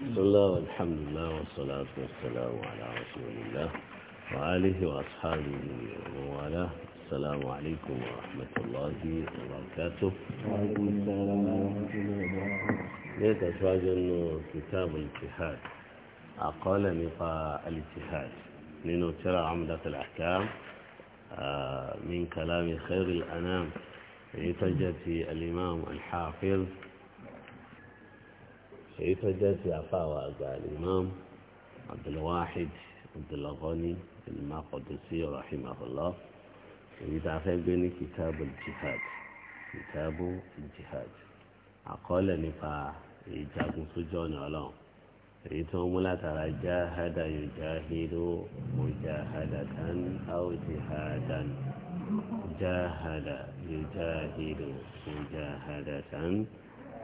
بسم الله والحمد لله والصلاة والسلام على رسول الله وآله وأصحابه وموالاه السلام عليكم ورحمة الله وبركاته وعليكم السلام ورحمة الله وبركاته ليت أسواج أنه كتاب الاتحاد أقال نقاء الاتحاد لأنه ترى عمدة الأحكام آه، من كلام خير الأنام يتجد الإمام الحافظ كيف جزي أفاوى قال الإمام عبد الواحد عبد الغني الإمام قدسي رحمه الله يريد أخيبني كتاب الجهاد كتاب الجهاد أقول نفا إيجاب سجون علام ريتهم لا ترى جاهد يجاهد مجاهدة أو جهادا جاهد يجاهد مجاهدة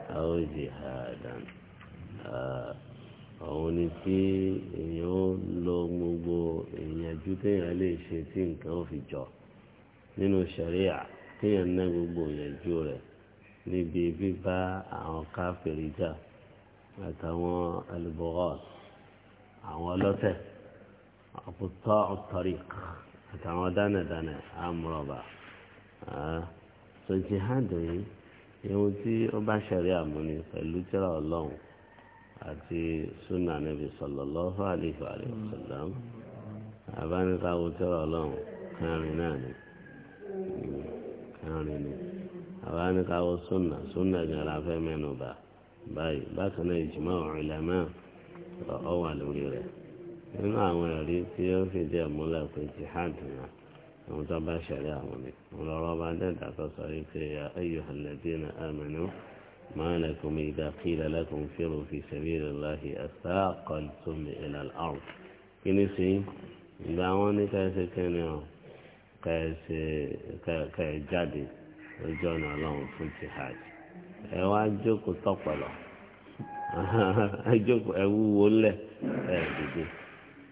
أو جهادا Ah, àwọn ni tí èèyàn lọ gbogbo ìyànjú téèyàn lè ṣe tí nǹkan ò fi jọ nínú ṣẹ̀ríà téèyàn ná gbogbo ìyànjú rẹ̀ níbi bíbá àwọn káfíìrì jà àtàwọn alùbọ́ọ̀t àwọn ọlọ́tẹ̀ àpótọ́ ọ̀tọ́rì àtàwọn dánadánà àmúrọ̀bà ah, sọ jihad yìí ohun tí ó bá ṣẹ̀ríà mú ni pẹ̀lú tírà ọlọ́run àti súnà níbi sallallahu alaihi wa sallam abánikáwó tẹ́lẹ̀ ọlọ́run kẹrin náà ni kẹrin ni abánikáwó súnà súnà gẹ̀rẹ́ afẹ́ mẹ́nu bá báyìí bákan náà ìjùmọ̀ ulama ọ wà lórí rẹ̀ nínú àwọn ẹ̀rí tí ó fi jẹ́ múlẹ̀ pé jihad náà àwọn tó bá ṣẹlẹ̀ àwọn ni wọn lọ́rọ́ bá dẹ́ta tó sọ wípé ya ayyuhal ladina amanu. ما لكم إذا قيل لكم انفروا في سبيل الله أثاقلتم إلى الأرض كنسي دعواني كاسي كنيو كاسي كجادي وجونا لهم في الجهاد ẹwà jókòó tọpọlọ jókòó ẹwú wọlé ẹ dìde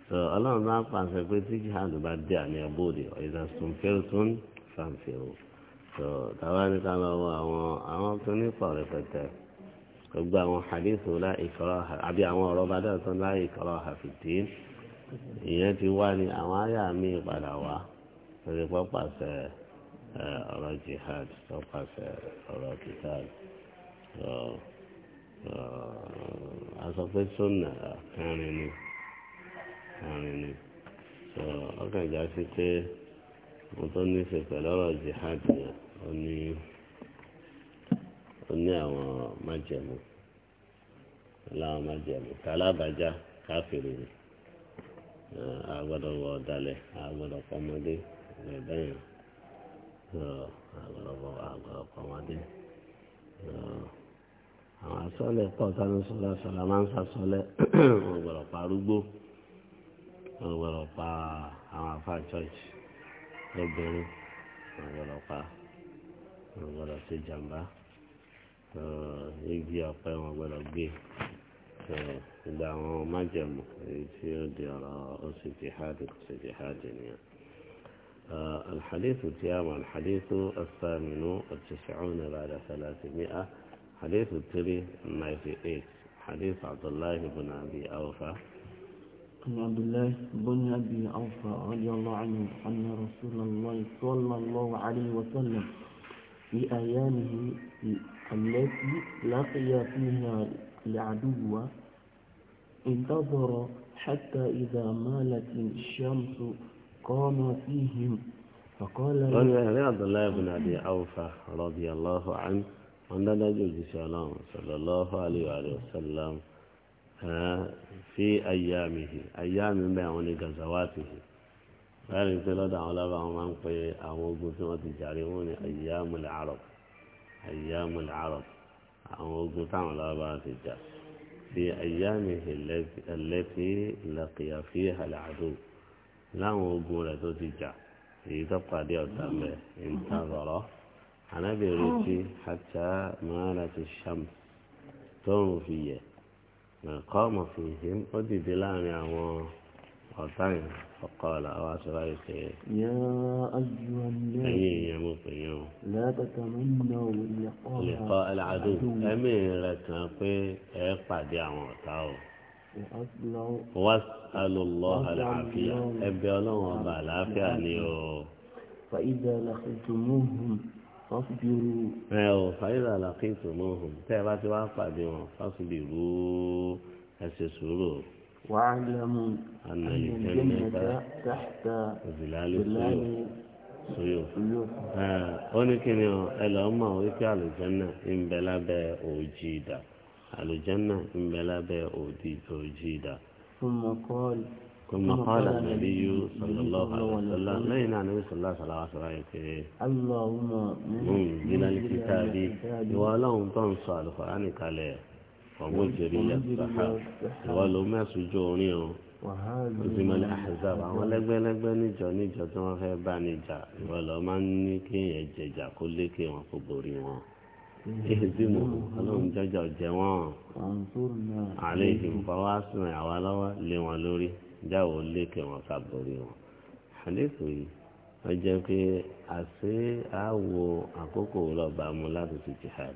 so Ọlọ́run bá pàṣẹ pé tí jihad bá dé àmì ẹbọdè ọyẹdà sunfẹrẹ tó ń fàǹfẹrẹ òfò tó tàwa ní ká lọ wọ àwọn àwọn tó ní pọ̀ rẹpẹtẹ gbogbo àwọn hadith la ikraha àbí àwọn ọ̀rọ̀ bá dẹ̀ tán la ikraha fi din ìyẹn ti wá ní àwọn àyà mi padà wá lórí pọ́pàṣẹ ọ̀rọ̀ jihad pọ́pàṣẹ ọ̀rọ̀ kitab aṣọ pé sunna kẹrin ni kẹrin ni ọkàn já sí pé mo tó ní í ṣe pẹ̀lú jihad yẹn ó ní ó ní àwọn májẹ̀mú láwọn májẹ̀mú tálábàjá káfíìrì ni àgbọ́dọ̀ wọ ọ̀dàlẹ̀ àgbọ́dọ̀ pọ́mọdé ẹ̀bẹ́yàn àgbọ́dọ̀ wọ àgbọ́dọ̀ pọ́mọdé àwọn asọ́lẹ̀ pọ̀ sánú sọ́lá sọ́lá máa ń sasọ́lẹ̀ wọ́n gbọ́dọ̀ pa arúgbó wọ́n gbọ́dọ̀ pa àwọn afá church lóbìnrin wọ́n gbọ́dọ̀ pa. jàmbá الحديث التيام الحديث الثامن والتسعون بعد ثلاثمائة حديث التري 98 حديث عبد الله بن أبي أوفى عن عبد الله بن أبي أوفى رضي الله عنه أن رسول الله صلى الله عليه وسلم في أيامه التي لقي فيها العدو انتظر حتى إذا مالت الشمس قام فيهم فقال لي يعني عبد الله بن أبي عوفة رضي الله عنه عند نجل سلام صلى الله عليه وآله وسلم آه، في أيامه أيام ما يعني غزواته láàrin pé lọ́dọ̀ àwọn lábàá wọn máa ń pe àwọn ogun tí wọ́n ti jàre wọn ní ayyamul arab ayyamul arab àwọn ogun táwọn lábàá ti jà fi ayyamihi allati laqiya fiha al-adu láwọn ogun rẹ̀ tó ti jà èyí tó pàdé ọ̀tá mẹ́ ìtàzọ̀rọ̀ anábìrin tí hatta malati shams tó ń fi yẹ qama fihim ó dìde láàrin àwọn ọ̀tàn ọ̀kọ́ọ̀lá àwọn aṣọ́lá ìṣe ẹ̀yìn èèyàn mú pé yẹn o. lẹ́kọ̀ọ́ aláàdó ẹ̀mí rẹ̀ kàn pé ẹ pàdé àwọn ọ̀tá o. wá alùlọ́ àlàáfíà ẹbẹ ọlọ́run ọba àlàáfíà ni o. fàyídà làkìtùmùhùn fásitìrù. ẹ ò fàyídà làkìtùmùhùn tẹ́ ẹ bá ti wá pàdé wọn fásitìrù ẹ ṣe sùúrù واعلموا أن الجنة تحت ظلال سيوف ولكن الأمة ويك على الجنة إن بلا بيع وجيدا على الجنة إن بلا بيع وجيدا ثم قال ثم قال النبي صلى الله عليه وسلم لا ينعى النبي صلى الله عليه وسلم اللهم من الكتاب ولهم تنصى القرآن كاليه ọ̀gbọ́njẹ̀rì yàtọ̀ ìwà ló mẹ́sùn jó orin o ó sì máa ní àhẹ́sàbà àwọn lẹ́gbẹ́lẹ́gbẹ́ níjọ níjọ tí wọ́n fẹ́ bá níjà ìwà ló máa ń ní kéèyàn jẹjà kó lékè wọn kó borí wọn ìdìmọ̀ ọlọ́run jọjọ jẹ wọ́n àlẹ́ ìdìmọ̀ wá sùn àwa lọ́wọ́ lé wọn lórí jáwọ́ lékè wọn ká borí wọn àlékò yìí wọ́n jẹ́ pé àṣé àwo àkókò lọ́ba mu láti ti jihad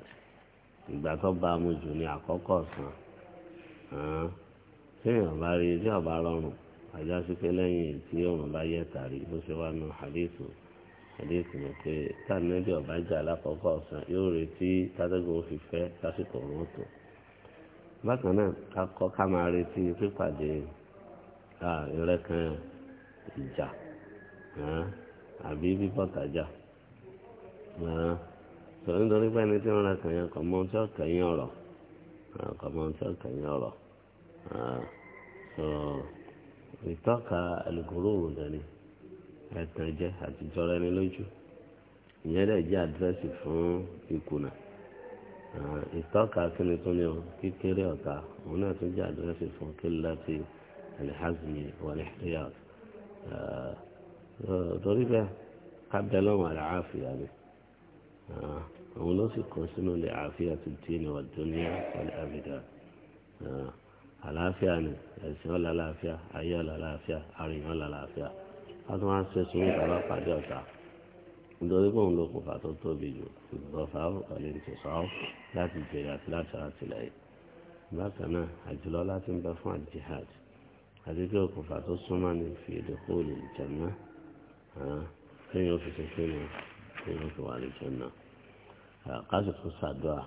ìgbà tó bá mu jù ní àkọ́kọ́ sàn án téèyàn bá rí tí ọba rọrùn àjọ sípé lẹ́yìn tí òun bá yẹ tàrí bó ṣe wá nu àdéhùn àdéhùn ni pé tánẹ́bí ọba jà lákọ́kọ́ sàn yóò retí tátẹ́gùn fi fẹ́ lásìkò òun tó bákan náà kakọ ká máa retí pípàdé ìrẹ́kan ìjà àbí bíbọ̀tàjà tòun torí pé ẹni tí wọ́n ra kàn yẹn kọ̀ mọ́ tí ó kẹ̀yìn ọ̀rọ̀ kọ̀ mọ́ tí ó kẹ̀yìn ọ̀rọ̀ so ìtọ́ka alukoro òun dání ẹ̀tàn jẹ́ àtijọ́ rẹ ní lójú ìyẹn dẹ̀ jẹ́ àdírẹ́sì fún ìkùnà ìtọ́ka kíni tó ní o kékeré ọ̀tá òun náà tún jẹ́ àdírẹ́sì fún kíláàtì alihazmi wàlíhíyàt torí bẹ́ẹ̀ kábẹ́lọ́wọ̀n àlàáfíà ni àwọn ló sì kọ sínú ilẹ̀ àáfíà tuntun ní ọ̀dọ́ ní àpẹẹrẹ àbìdá àlàáfíà ni ẹ̀sìn ọ̀la àlàáfíà ayé ọ̀la àlàáfíà àríyàn ọ̀la àlàáfíà a tún máa ń ṣe sùúrù tàbá pàdé ọ̀tá nítorí pé òun ló kún fà tó tóbi jù ìgbọ̀fà ọ̀lẹ́ ìtòsọ́ láti jèrè àti láti àtìlẹ́yìn bákan náà àjùlọ láti ń bẹ fún àjihad àti pé òkùnfà tó súnmọ́ ní fìdíkù lè jẹ̀mọ́ kéèyàn ó fi ṣe kéèyàn. kéwàtò wà lẹ́jọ́ náà káṣí tún ṣàdúrà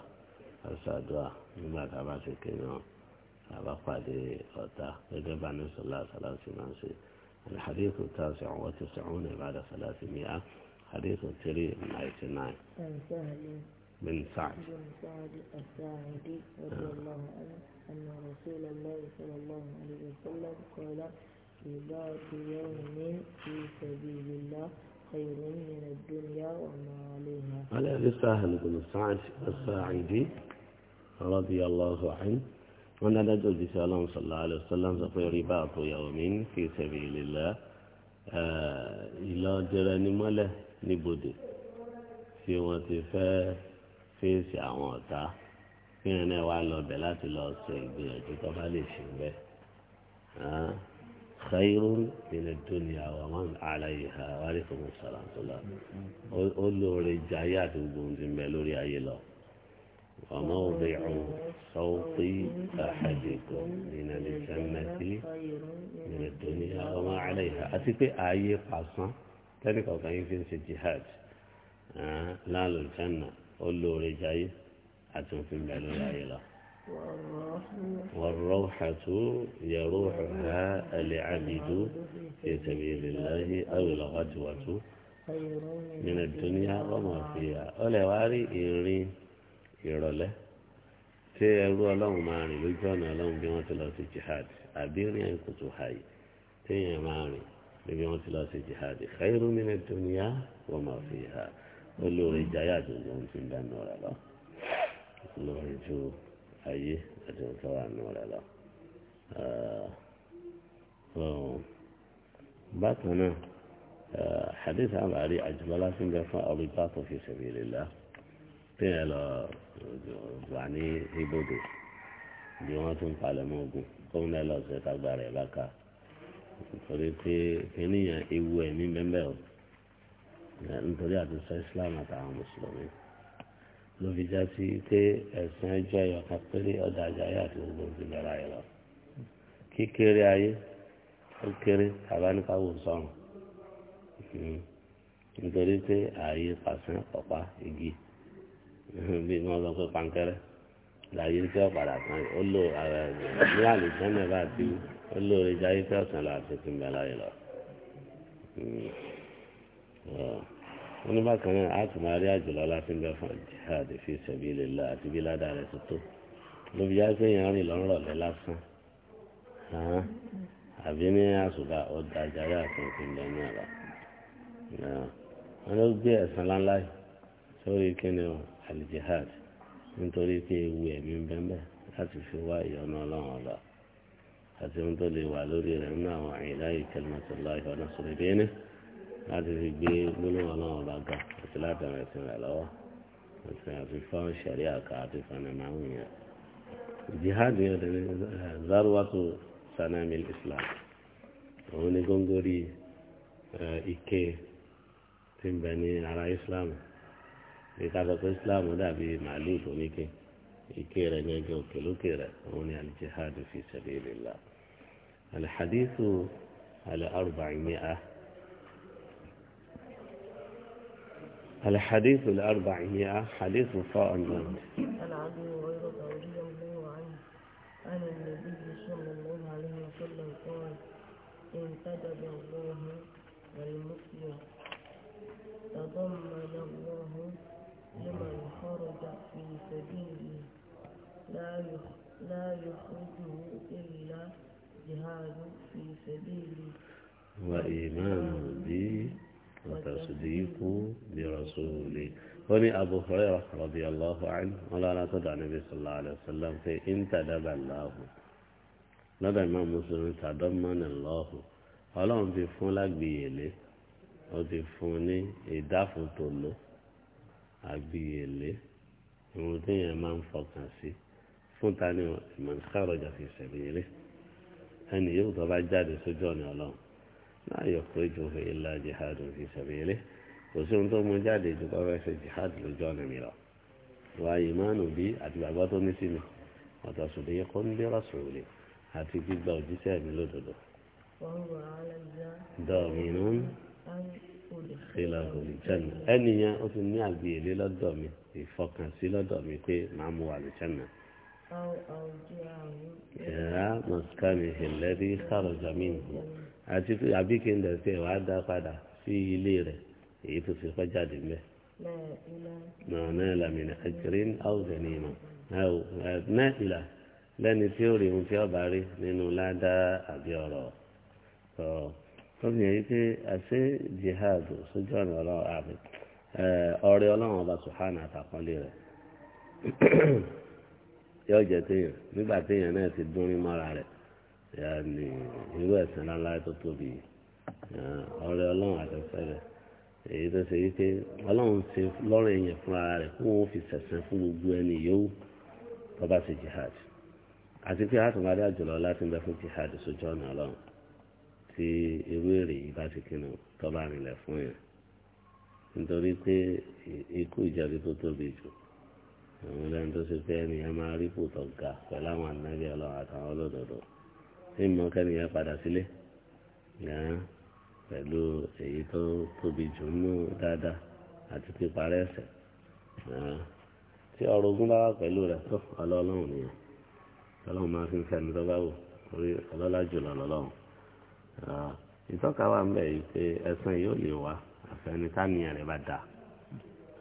ṣàdúrà nígbà tá a bá ṣe ké يجب أن a bá pàdé ọ̀tá الحديث التاسع وتسعون بعد ثلاثمائة حديث تري نايتي ناين من سعد بن سعد الساعدي رضي آه. الله عنه أن رسول الله صلى الله عليه وسلم قال إذا يوم في سبيل الله خير من الدنيا وما عليها عن أبي سهل بن سعد الساعدي رضي الله عنه وأن ندعو بسلام صلى الله عليه وسلم تقول رباط يوم في سبيل الله إلى جراني ماله نبودي في وتفاه في àwọn في kí ẹ̀rẹ́ wa lọ bẹ̀ láti lọ ṣe خير من الدنيا ومن عليها وعليكم السلام الله قولوا رجعيات وقوم زمالوا لي أي الله وموضع صوت أحدكم من الجنة من الدنيا وما عليها أتيك آية خاصة تلك وكاين في الجهاد لا للجنة قولوا رجعي أتم في المالوا لي أي الله والروحة يروحها العبد في سبيل الله أو الغدوة من الدنيا وما فيها أولا واري إيري إيرولة tí ẹrú ọlọ́run máa rìn lójú ọ̀nà ọlọ́run bí wọ́n ti lọ sí jihad àbí rìn àyìn kùtù hàì téèyàn máa rìn níbi wọ́n ti lọ sí jihad khairu minad dunya wa ma fiha olórí jayá àjòjò ohun tí ń dáná ọ̀rọ̀ lọ lórí ju ayé àti nǹkan wà nù rẹ̀ lọ. Um, bákan náà hadith àmàlí àjùmọ́lá fi ń bẹ fún ọlọ́gbà tó fi sabilillah tí yẹn lọ wà ní ibodò bí wọ́n tún palẹ̀ mọ́ ogun kóun náà lọ sí tágbára ẹ̀ bá ká nítorí pé kíníyàn ewu ẹ̀mí mẹ́mẹ́ o nítorí àti sọ Islam àtàwọn mùsùlùmí ló fi já sí pé ẹ̀sìn ẹjọ́ ẹ̀yọ̀kan péré ọ̀dà àjàyà àti gbogbo ti bẹ̀rẹ̀ ayé lọ. kíkéré ayé ó kéré tàbá ní káwọ sọ̀rùn hmm. nítorí pé ààyè pàṣẹ ọ̀pá igi bí wọ́n sọ pé pankẹ́rẹ́ láyé tí ó padà kan ó lò ara ẹ̀ ní àlùjọ́ bá ti ó lò ó jáde ọ̀sán láti ti ń bẹ̀rẹ̀ ayé lọ. Yeah. Hmm wọ́n ní bákan náà a tún máa rí àjùlọ láti ń bẹ fún jihad fi sabilillah àti bí ládàá rẹ̀ tuntun lóbi já sí èèyàn rìn lọ́rọ̀lẹ́ lásán àbí ní àsùbà ọjà àjàrà àti ìpínlẹ̀ ní àlá wọ́n ló gbé ẹ̀sán láńlá sórí kíni o alijihad nítorí pé ewu ẹ̀mí bẹ́ẹ̀ láti fi wá ìyọnu ọlọ́run ọ̀la àti ohun tó lè wà lórí rẹ̀ nínú àwọn àyìnlá ìkẹlẹ́mọ̀tò láì láti fi gbé gbólóhùn ọlọ́run ọba ga àti látara ẹ̀sìn rẹ̀ lọ́wọ́ àti àfihàn ṣẹ̀rí àká àti fanamahun yẹn jihad yẹn tẹ̀lé zaruwatu sanamil islam òun ni góńgóri ike tí ń bẹ ní ara islam ní kásọ̀ pé islam dàbí màálù tó níke ike rẹ̀ gẹ́gẹ́ òkè lókè rẹ̀ òun ni alijihad fi sabilillah alhadithu alẹ́ arúbà yẹn ah. الحديث الأربع هي حديث وفاء الموت عن أبي هريرة رضي الله عنه عن النبي صلى الله عليه وسلم قال إن كتب الله والمسلم تضمن الله لمن خرج في سبيله لا لا يخرجه إلا جهاد في سبيله وإيمان به وتصديق برسولك وني أبو هريرة رضي الله عنه ولا لا تدع النبي صلى الله عليه وسلم في إن تدب الله ندى ما مسلم تضمن الله ọlọ́run ti fún lágbìyèlé ó ti fún ní ìdáfòtòló àgbìyèlé ìwọ̀n tí yẹn máa ń fọkàn sí fún tani ìmọ̀ nǹkan àròjà fi ṣẹ̀lẹ̀ yẹlé ẹni yóò tó bá jáde sójú ọ̀nà ọlọ́run náà yọ pé ju ìlà jihad fi sabilihi kò sí ohun tó mú jáde ju kọ́ fẹ́ ṣe jihad lójú ọ̀nà mi lọ. wà ìmánu bí àti bàbá tó ní sí mi ọ̀tọ̀ sùdí yẹ kó ń bí rọ̀sùlì àti gbígba òjíṣẹ́ mi lódodo. dọ̀mínú ìlà òlìjẹ́nu ẹnìyẹn ó ti ní àgbéyẹ̀lé lọ́dọ̀ mi ìfọkànsí lọ́dọ̀ mi pé màá mú wà lùjẹ́nu ẹ̀rá mọ̀síkàmì ìlẹ́rí sàrọ̀jàmín àti àbí kí n dẹ̀ tẹ̀ wá dá padà sí ilé rẹ̀ èyí tó fi kọjá dé mẹ́. náà náà làmìnà àjẹrín àwùjọ ni ìmọ̀ náà ìlà lẹ́ni tí ó rí ohun tí ọba rí nínú ládàá àbí ọ̀rọ̀ tó tóbi yẹn wípé àṣé jihad sójú ọ̀nà ọlọ́run àbí ọ̀rẹ́ ọlọ́run ọba sùhánà àtàkọ́lé rẹ̀ yóò jẹ téèyàn nígbà téèyàn náà ti dúnrín mọ́ra rẹ̀ yàní irú ẹ̀sìn ńlá tó tóbi ọ̀rẹ́ ọlọ́run àtẹ̀fẹ́ rẹ̀ èyí tó ṣe wípé ọlọ́run ṣe lọ́rùn èèyàn fúnra rẹ̀ kí wọ́n fi sẹ̀sẹ̀ fún gbogbo ẹni yòówù tó bá ṣe jihad àti pé àtúnwádé àjùlọ láti ń bẹ fún jihad sójú ọ̀nà ọlọ́run tí irú èrè yìí bá ti kinu tó bá rìnlẹ̀ fún yẹn nítorí pé ikú ìjẹ́bi tó tóbi jù àwọn lẹ́nu tó ṣe pé ẹnìyàn máa rí kò tọ̀ ga pẹ̀lú àwọn ànábì ọlọ́run àtàwọn olódodo tí mo kẹ́nìyàn padà sílé yàn pẹ̀lú èyí tó tóbi jù nínú dáadáa àti píparẹ́ ẹ̀sẹ̀ tí ọ̀rọ̀ ogun bá wà pẹ̀lú rẹ̀ tó ọlọ́run nìyẹn ọlọ́run máa fi ń fẹ́ni tó bá wò orí ọlọ́lá jùlọ lọ́lọ́run ìtọ́ka wà ń bẹ̀ yìí pé ẹ̀sán yóò lè wá àfẹnitánìyàn rẹ̀ bá dáa.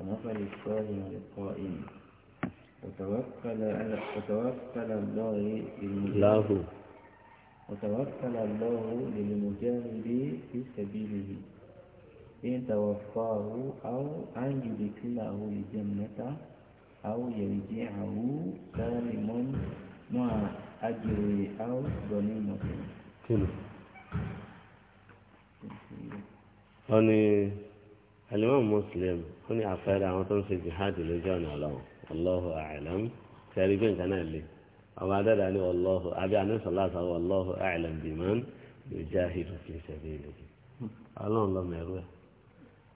ومثل الصائم للقائم وتوكل على وتوكل الله للمجاهد وتوكل الله للمجاهد في سبيله إن توفاه أو أن يدخله الجنة أو يرجعه سالم مع أجر أو غنيمة. Ani alimami muslim ó ní àfẹ́rẹ́ àwọn tó ń ṣe jihadi lójú ọ̀nà ọlọ́run allahu a'lam kẹrí gbé nǹkan náà lé ọba adáda ní allahu abi anisọlá sọ allahu a'lam biman yujahidu fi sabilihi ọlọ́run lọ́mọ ẹ̀rú ẹ̀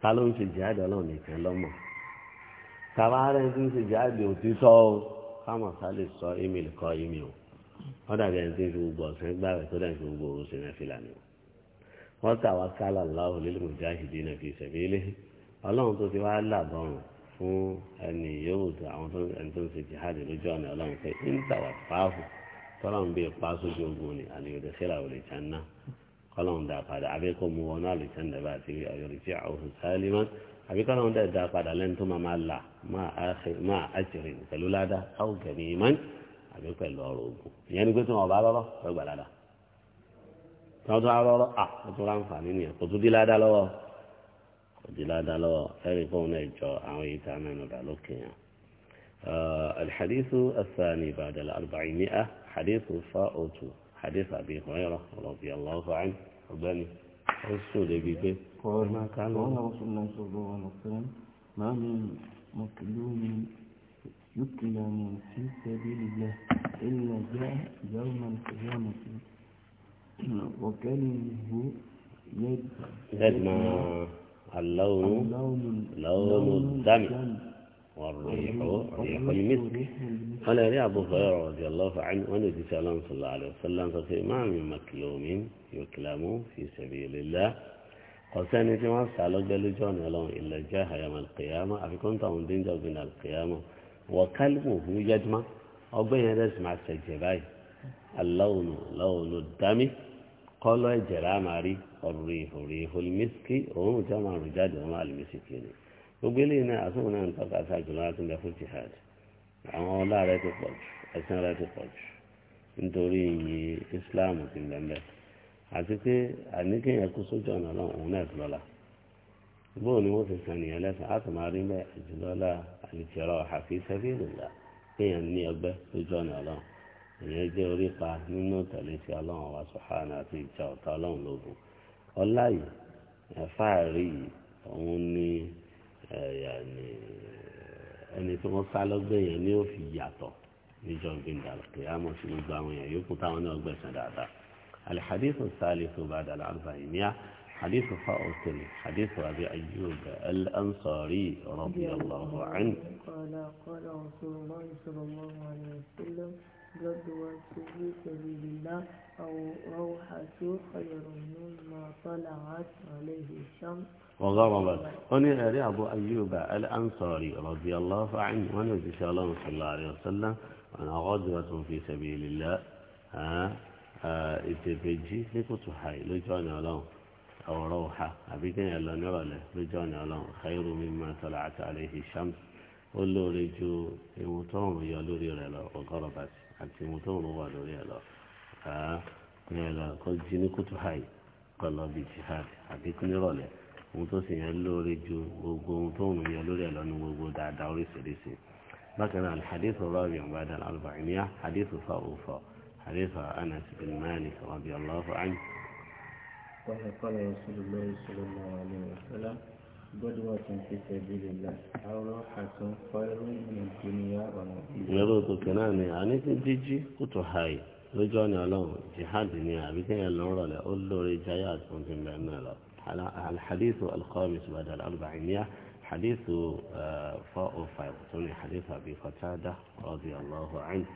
ta ló ń ṣe jihadi ọlọ́run nìkan lọ́mọ tàbá rẹ̀ ti ń ṣe jihadi òtítọ́ o kámọ̀ sá lè sọ ímìlì kọ́ ímìlì o wọ́n wọ́n tà wá sálà láwù lílù jáhìdì náà fi sabilihi ọlọ́run tó ti wá làbọ̀rùn fún ẹni yóò tó àwọn tó ẹni tó ń ṣe jihad lójú ọ̀nà ọlọ́run pé ń tà wá fáàfù tọ́lọ́run bí ipa ogun ni àní òde sílà òde jánná kọ́lọ́run dà padà abẹ́kọ́ mu wọnú àlùjánnà bá ti rí ọ̀yọ́ àwọn sálímọ́ àbí kọ́lọ́run dà padà lẹ́nu tó máa là máa àṣírí tọ́tọ́ arọ́rọ́ à tọ́tọ́ láǹfààní nìyẹn kò tún dí ládàá lọ́wọ́ kò dí ládàá lọ́wọ́ ẹ̀rí fóun náà jọ àwọn èyí tá a mẹ́nu dà lókè yẹn. الحديث الثاني بعد الأربعمائة حديث فاؤت حديث أبي هريرة رضي الله عنه ربنا السود بيبي قال ما كان رسول الله صلى الله عليه وسلم ما من مكلوم يكلم في سبيل الله إلا جاء يوم القيامة وكانه يد يدمع اللون لون الدم والريح ريح المسك قال لي أبو هريرة رضي الله عنه وأن النبي صلى الله عليه وسلم ما من مكلوم يكلم في سبيل الله قسان جماعة سألوك بلجون يلون إلا جاه يوم القيامة أفكون تعون دين جو من القيامة وكلمه يجمع أو بين يدس مع السجباي اللون لون الدم kọ́lọ́ ẹ̀jẹ̀ láàmà rí ọ̀rùn ìhòòrè ìhòlímísìkì òun jẹ́ máa rùn jáde wọn àlùmísìkì ni gbogbo eléyìí náà àtúntò náà ń tọ́ka sí àjùlọ láti lẹ fún jihad àwọn ọlá rẹ ti pọ̀ jù ẹ̀sìn rẹ ti pọ̀ jù nítorí iye Islam ti ń bẹ̀m̀bẹ̀ àti pé àníkéyàn kú sójú ọ̀nà náà òun náà ti lọ́la bóò ni wọ́n ti sàn nìyẹn lẹ́sàn á sì máa rí bẹ́ẹ̀ àjùlọ́lá àlùtìrọ̀ àfi sẹ́fíìlì là kéèyàn ní ọgbẹ́ sójú ọ̀nà ọlọ́run ìyẹn jẹ́ orípa nínú tẹ̀lé ti ọlọ́run wa sùhánà àti ìjà ọ̀tá ọlọ́run lógun ọlá yìí ẹ̀fà rí yìí òun ni ẹni tí wọ́n sá lọ́gbẹ́ yẹn ni ó fi yàtọ̀ níjọ́ gbẹ̀ndà kìyàmọ̀ sí gbogbo àwọn èèyàn yòókù táwọn náà gbẹ̀sán dáadáa alihadisu salisu bada al-arba'iniya hadisu fa'otin hadisu abi ayyub al-ansari radiyallahu anhu. في سبيل الله أو روحة خير مما طلعت عليه الشمس وغربت هنا أري أبو أيوب الأنصاري رضي الله عنه ونبي صلى الله عليه وسلم أنا غدوة في سبيل الله ها ìtẹ̀bẹ̀jì ní kò tún hàì lójú ọ̀nà ọlọ́run الله ọ̀hà àbíkẹ́yìn ẹ̀lọ́ nírọ̀lẹ́ lójú ọ̀nà ọlọ́run khairu mimma ó lóore ju ewu tó ń yọ lórí rẹ̀ lọ ọgọrọ bàtì àti ewu tó ń wà lórí ẹ̀ lọ àá ní ẹ lọ kọ jí ní kùtù hàì kọ lọ bí jihad àbí nírọ̀lẹ́ ohun tó sì yẹn lóore ju gbogbo ohun tó ń yọ lórí ẹ̀ lọ ní gbogbo dáadáa oríṣiríṣi bákan náà alhadith rabi ọgbàdàn albaniya hadith fa òfò hadith anas bin malik rabi allah anhu. قال قال رسول الله صلى بدوة في سبيل الله أو روحة خير من الدنيا وما يرد كلام يعني تجي قطحاي رجعني الله جهاد يعني بكي يلور له أقول له رجايات كنت بأن له الحديث الخامس بعد الأربعينية حديث آه، فاء فايقتني حديث أبي قتادة رضي الله عنه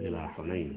إلى حنين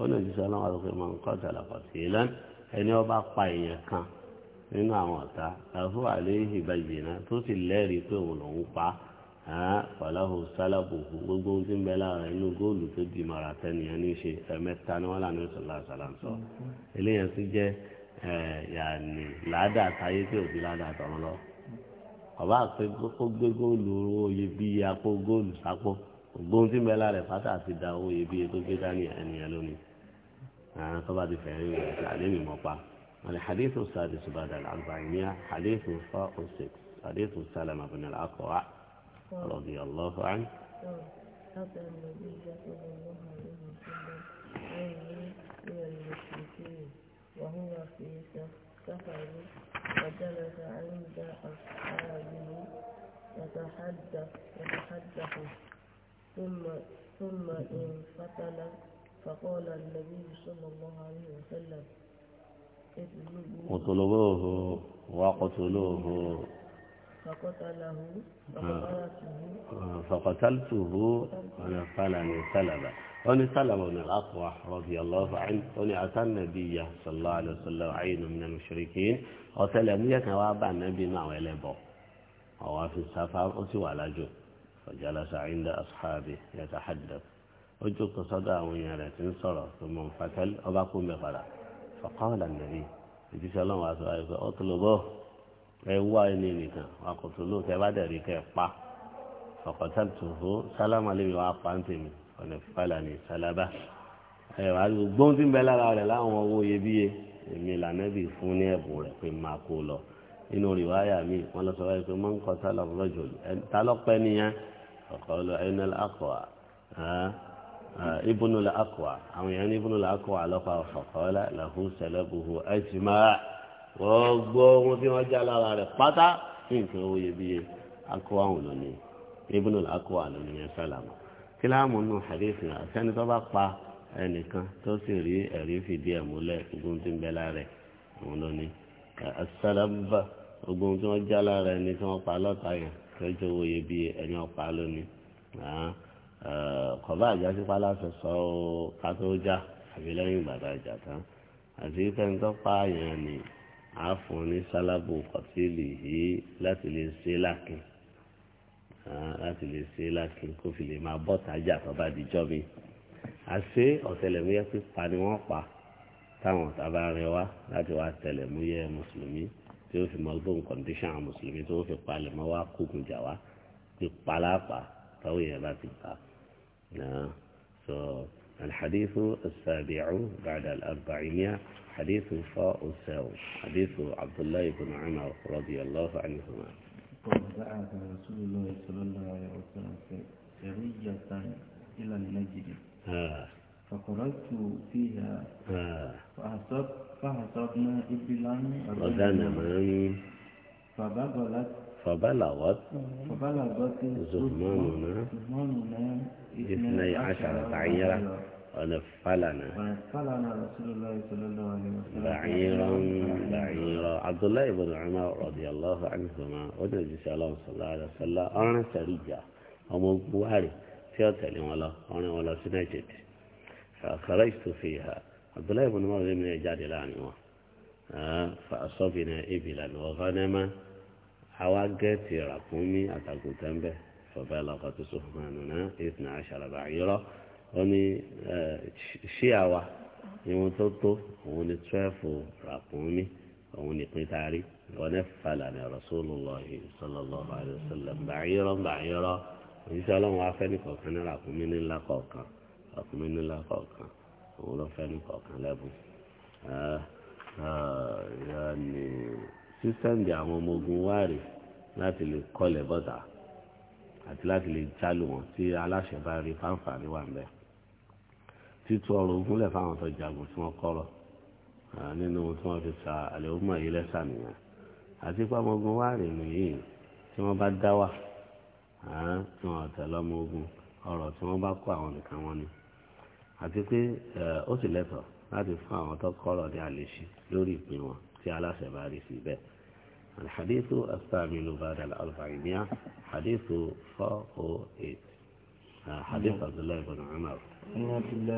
ọ̀nà ìjísọ́ ọlọ́run àti ọ̀fẹ́ máa ń kọ́ ìtàlàkọ̀ sí i lẹ́nu ẹni ọba pa èèyàn kan nínú àwọn ọ̀tá àfọ àlẹ́ ìbàjẹ́ náà tó sì lẹ́rìí pé òun lòún pa ah, fàlàhù sálàbù gbogbo ohun tí ń bẹ lára inú góòlù tó di mara tẹnìyàn ní ṣe ẹ̀mẹ́ta ni wọ́n là ní sọ̀lá eléyàn sì jẹ́ eh, yàní ládàá táyé tí òbí ládàá tọ̀run lọ ọba àpé kó gbé góòlù owó iyebíye apó góòlù sápó. gbóhùn tí mẹ́lá rẹ̀ pátá àti da owó iyebíye tó gbé dání ẹnìyàn lónìí àwọn tó bá ti mela re fata ti da owo iyebiye to ní dani tí àlẹ́ mi mọ̀ pa wọn ni hadith sadi subada al-albaniya hadith four oh six hadith salama bin al-akwa rọ̀bì allahu an. وهو في سفر وجلس عند أصحابه يتحدث يتحدث ثم ثم انفتل فقال النبي صلى الله عليه وسلم اطلبوه وقتلوه فقتله فقتلته فقتلته فلني سلبا وني سلم بن الأقوى رضي الله عنه وني أتى النبي صلى الله عليه وسلم عين من المشركين وسلم يكواب النبي مع ولبه وفي السفر أتي على فجلس عند أصحابه يتحدث وجدت صدى وينالة صرى ثم انفتل أباكم بفلا فقال النبي جيس الله وعسوائه أطلبه أيوا إنينك وقتلوك بعد ريك فقتلته سلام علي وعفا من فنفلني سلبا. أيوا هذا بنتم على لا وهو يبيه èmi lànà bí fún ní ẹ̀bùn rẹ̀ pé máa ولا lọ inú rìwáyà mi wọn lọ sọ ọ̀kọ́lọ́ ẹ̀nà àkọ́wà ibùnú làákọ́wà àwọn èèyàn ní ibùnú làákọ́wà lọ́pàá ọ̀kọ́lá làhùn sẹlẹ́bùhù ẹ̀jìmá gbogbo ohun tí wọ́n já lára rẹ̀ pátá nǹkan owó iyebíye akọ́wà wọn lónìí ibùnú làákọ́wà lónìí yẹn sálàmù kíláàmù nù hadithi náà sẹ́ni tó bá pa ẹnìkan tó sì rí ẹ̀rí fìdí ẹ̀ múlẹ̀ ogun tí ń bẹ lára rẹ̀ òun lónìí àṣàlábà ogun tí wọ́n já lára ẹni tí wọ́n pa lọ́ta yẹn kẹjọ owó yẹ bí ẹni ọ̀pá lónìí kọ̀bá àjásí pálásọ sọ ọ́ ká tó já àbí lẹ́yìn ìgbàdá ìjà tán àti pẹ́ni tó pààyàn ni àáfọ̀ ní sálábù kọ̀tíìlì yìí láti lè ṣe lákin láti lè ṣe lákin kó fi lè máa bọ́ tájà tó bá dijọ́ mi àṣé ọ̀tẹlẹ̀múyẹ́ pípa ni wọ́n pa táwọn ọ̀tá bá rẹ láti wá tẹlẹ̀múyẹ́ mùsùlùmí tí ó fi mọ́lbọ́n kọ̀ǹdíṣàn àwọn mùsùlùmí tí wọ́n fi palẹ̀ mọ́ wá kókun jà wá ti palápa táwọn èèyàn bá ti gbà náà sọ الحديث السابع بعد الأربعمية حديث فاء ساو حديث عبد الله بن عمر رضي الله عنهما وبعث رسول الله صلى الله عليه وسلم سرية إلى المسجد فخرجت فيها فأصب فأصبنا إبلا وغنما فبلغت فبلغت فبلغت زهماننا زهماننا اثني عشر بعيرا ونفلنا ونفلنا رسول الله صلى الله عليه وسلم بعيرا بعيرا عبد الله بن عمر رضي الله عنهما ونبي صلى الله عليه وسلم أنا سريجة أمو بواري في أتلي ولا أنا ولا سنجد فخرجت فيها عبد الله بن مريم من يجاد لعنه فأصبنا إبلا وغنما عواقت رقومي أتاكو تنبه فبلغت سهماننا اثنا عشر بعيرة وني شيعوة يمتطو وني توافو رقومي وني قتاري ونفلنا رسول الله صلى الله عليه وسلم بعيرا بعيرا إن شاء الله وعفاني قوكنا رقومي لله قوكنا ọkùnrin nílá kọ̀ọ̀kan òun ló fẹ́ ní kọ̀ọ̀kan lẹ́bùn sísẹ́ǹdì àwọn ọmọ ogun wáàrí láti lè kọlẹ̀ bọ́tà àti láti lè jálò wọn tí aláṣẹ bá rí fáǹfààní wà ńbẹ̀ títú ọrọ̀ ogúnlẹ̀ fáwọn tó jagun tí wọ́n kọ́rọ̀ nínú tí wọ́n fi sa àlẹ́ òmùmọ̀ yìí lẹ́sà nìyẹn àti pé ọmọ ogun wáàrí nìyí tí wọ́n bá dá wà tí wọ́n tẹ̀lé ọmọ ogun ọ̀rọ̀ tí wọ́n bá kó àwọn nìkan wọn ni àti pé ó sì lẹ́tọ̀ọ́ láti fún àwọn tó kọ́rọ̀ ní àlèṣí lórí ìpín wọn tí aláṣẹ bá rí sí bẹ́ẹ̀. الحديث الثامن بعد الأربعمائة حديث 408 حديث عبد الله بن عمر عبد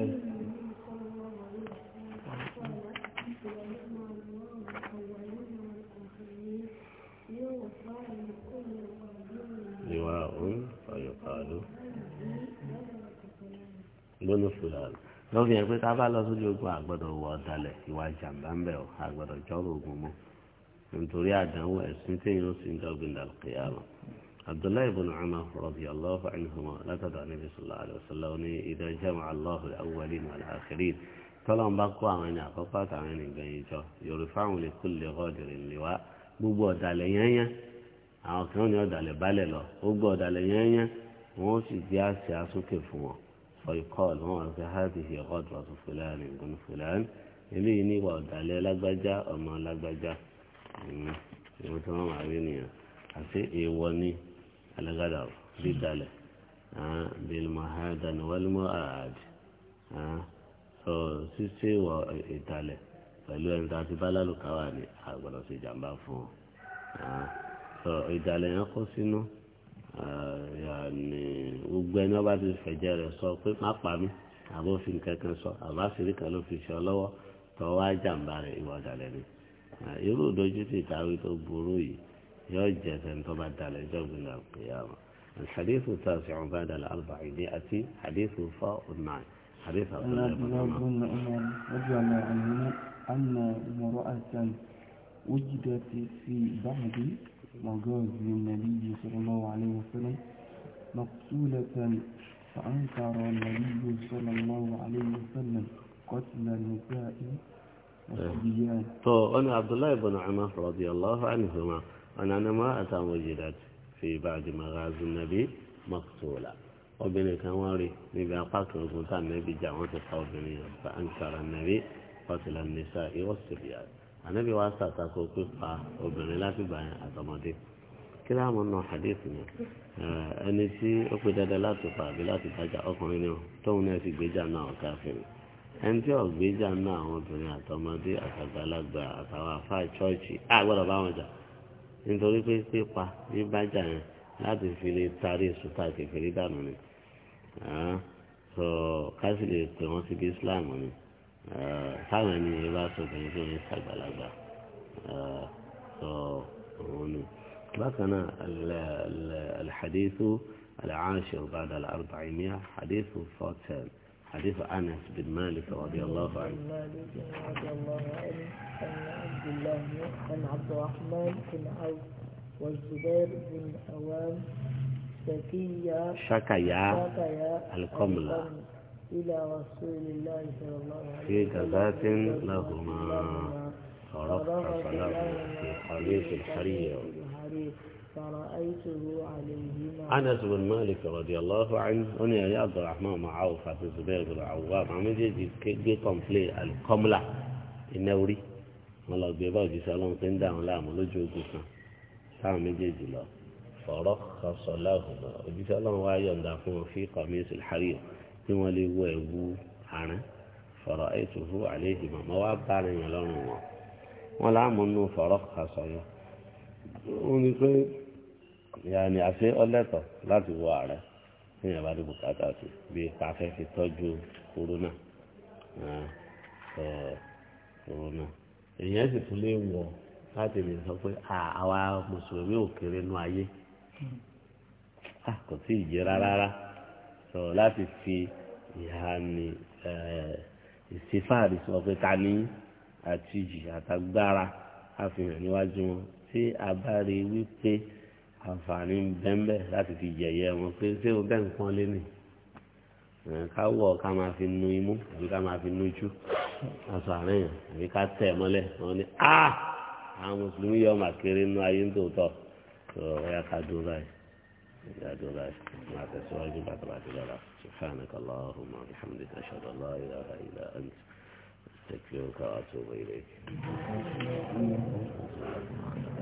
gbóló fúlàní lọ́fìn yẹn pé tá a bá lọ sójú ogun àgbọ̀dọ̀ wọ ọ̀dàlẹ̀ ìwà ìjàmbá ń bẹ̀ ọ́ àgbọ̀dọ̀ jọ́rọ̀ ogun mọ́ nítorí àdánwò ẹ̀sìn tí yóò sì ń dọ́gbìn dàlùkìyàmù abdullahi ibn umar radiyallahu anhuma látọ̀dọ̀ anabi sallallahu alayhi wa sallam ní idha jama'a allahu al-awwalin wal-akhirin tọ́lọ́ ń bá kó àwọn ẹni àkọ́kọ́ àtàwọn ẹni gbẹ̀yìn فيقال هو هذه غدرة فلان بن فلان إلي نيوا دالي لغجا أما لغجا يمتنا معيني أسي إيواني الغدر بدالي بالمهادن والمؤاد so ṣíṣe wọ ìtàlẹ̀ pẹ̀lú ẹni tó ti bá lálùkáwà ni àgbọ̀dọ̀ ṣe jàǹbá fún ọ so ìtàlẹ̀ yẹn kó sínú gbogbo ẹni ọba ti fẹ̀jẹ̀ rẹ̀ sọ pé má pa mí àbófin kankan sọ àbáṣirí kan ló fi ṣọ lọ́wọ́ tọ́ wá jàǹbá rẹ̀ ìwà ọ̀dàlẹ̀ ni irú ìdójútì ìtàwé tó burú yìí yóò jẹ sẹ́ni dalẹ̀ jọ́gbìn náà pè é àwọn. الحديث التاسع بعد الأربعمائة حديث فاء النعي حديث عبد الله بن عمر رضي الله عنهما أن امرأة وجدت في بعض موجود للنبي صلى الله عليه وسلم مقتولة فأنكر النبي صلى الله عليه وسلم قتل النساء والصبيان طيب. طيب، أنا عبد الله بن عمر رضي الله عنهما أنا أنا ما أتى وجدت في بعد مغازي النبي مقتولة وبين كواري wọ́n rí níbi النبي kan ogun فأنكر النبي قتل النساء والصبيان ànábì wa sàtakò pípa obìnrin látìgbà yẹn àtọmọdé kí láàmú nà hadith yẹn ẹni tí ó pe dandan láti pa àbí láti dájà ọkùnrin ni tóun náà sì gbéjà náà ọ̀ká fèrè ẹni tí ọ̀gbéjà náà àwọn obìnrin àtọmọdé àtàgbàlagbà àtàwọn afá chọ́ọ̀chì àgbọ̀dọ̀ bá wọn jà nítorí pé pípa bíbájà yẹn láti fi lè tarí sùtà kékeré dànù ni so ká sì lè pè wọ́n síbi Islam ni. táwọn ẹni yẹn bá sọ bẹ̀rẹ̀ fún yẹn ṣàgbàlagbà sọ òun ni bákan العاشر بعد الأربعينية حديث فوتل حديث أنس بن مالك رضي الله عنه رضي الله عنه أن عبد الله بن عبد الرحمن بن عوف والزبير بن عوام شكيا شكيا القملة إلى رسول الله صلى الله عليه وسلم في كفاف لهما فرقص له في قميص الحرير فرأيته عليهما أنس بن مالك رضي الله عنه أني يا عبد الرحمن مع في الزبير بن عوام عم يجي يجي كومبلي القملة النوري والله بيبقى دي سالون تين داون لا ملو جوجو سان سان ميجي لو فرخص لهما ودي سالون وايون دا في قميص الحرير tí wọ́n lè wọ ẹ̀wù àrán fọ̀rọ̀ ẹ̀tùfù àléjì màmá wá bá rìn yàn lọ́rùn wọn wọn láàmú nù fọ̀rọ̀ kàṣọ yẹn ó ní pé yàní àṣẹ ọlẹ́tọ̀ láti wọ àrẹ tí yàrá ní bùkátà sí bí káfẹ́ fi tọ́jú kòrónà kòrónà èèyàn sì tún lè wọ láti lè sọ pé àwa mùsùlùmí ò kéré nú ayé hmm. kò tí ì jẹ́ rárá rárá sọ láti fi ìhàmì eh, ìsífàrí sọ pé ta ní àtijì àtagbára àfihàn níwájú wọn tí a bá rí wípé àǹfààní bẹ́ńbẹ́ láti fi yẹ̀yẹ́ wọn pé ṣé o bẹ́ẹ̀ ń pọ́n lé nì eh, ká wọ̀ ká máa fi nu imú àbí ká máa fi nu ojú aṣọ àárín yàn àbí ká tẹ̀ mọ́lẹ̀ wọn ni a ah! àwọn mùsùlùmí yọ màkèrè nínú ayé ń tòótọ́ ọ̀rọ̀ ọ̀yà ká dúró báyìí. بعد بعد لا سبحانك اللهم وبحمدك أشهد أن لا إله إلا أنت استكبرك وأتوب إليك